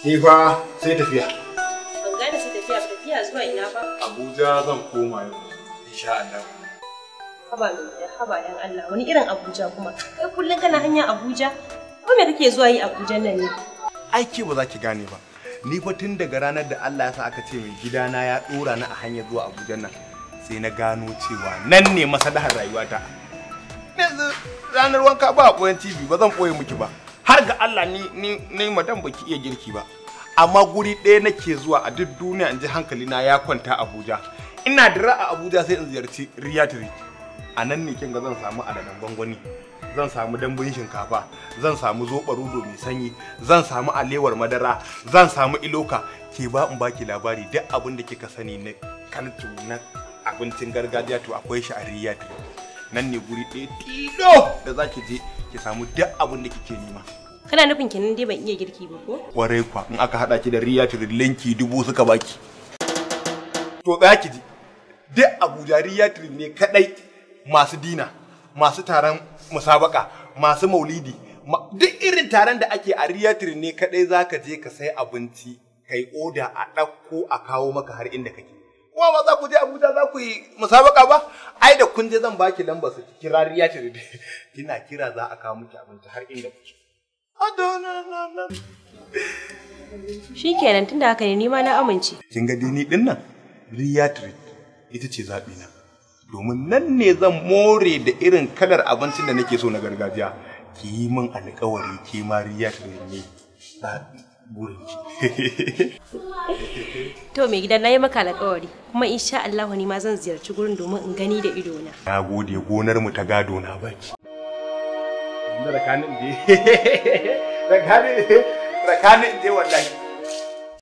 Ni fa sai tafiya. Ban gane sai tafiya ba tafiya zuwa ina ba. Abuja zan koma yau insha Allah. Haba mai haba dan Allah wani irin Abuja kuma kai kullun kana hanya Abuja ko me kake zuwa yi Abuja nan ne? Aiki ba za ki gane ba. Ni fa tun daga ranar da Allah ya sa aka ce mai gidana ya dora ni a hanyar zuwa Abuja nan sai na gano cewa nan ne masalahar rayuwata. Yanzu ranar wanka ba a ɓoyen TV ba zan ɓoye miki ba. ga Allah ni ni madan baki iya girki ba amma guri ɗaya nake zuwa a duk duniya in ji hankali na ya kwanta Abuja ina da a Abuja sai in ziyarci Riyadri a nan ne kin ga zan samu adadan gwangwani zan samu dambun shinkafa zan samu zoɓaru rudo mai sanyi zan samu alewar madara zan samu iloka ke ba in baki labari duk abin da kika sani na kantu na abincin gargajiya to akwai shi a Riyadri nan ne guri ɗaya tilo da zaki je ki samu duk abin da kike nema. kana nufin kenan dai ban iya girki ba ko kwarai kwa in aka hada ki da riya trillinki dubu suka baki to tsaya ki ji duk abuja riya ne kadai masu dina masu taron musabaka masu maulidi duk irin taron da ake a riya tril ne kadai zaka je ka sai abinci kai oda a ɗauko a kawo maka har inda kake kuma ba za ku je Abuja za ku yi musabaka ba ai da kun je zan baki lambar su kira riya tril kina kira za a kawo miki abinci har inda kake Shi kenan tunda haka ne nima na amince. Kin ga dini din nan? Riyatrit ita ce zaɓi na. Domin nan ne zan more da irin kalar abincin da nake so na gargajiya. Ki yi min alƙawari ke ma Riyatrit ne. To mai na yi maka alƙawari kuma insha Allah ni ma zan ziyarci gurin domin in gani da ido na. Na gode gonar mu ta gado na baki. tsakanin da tsakanin da wallahi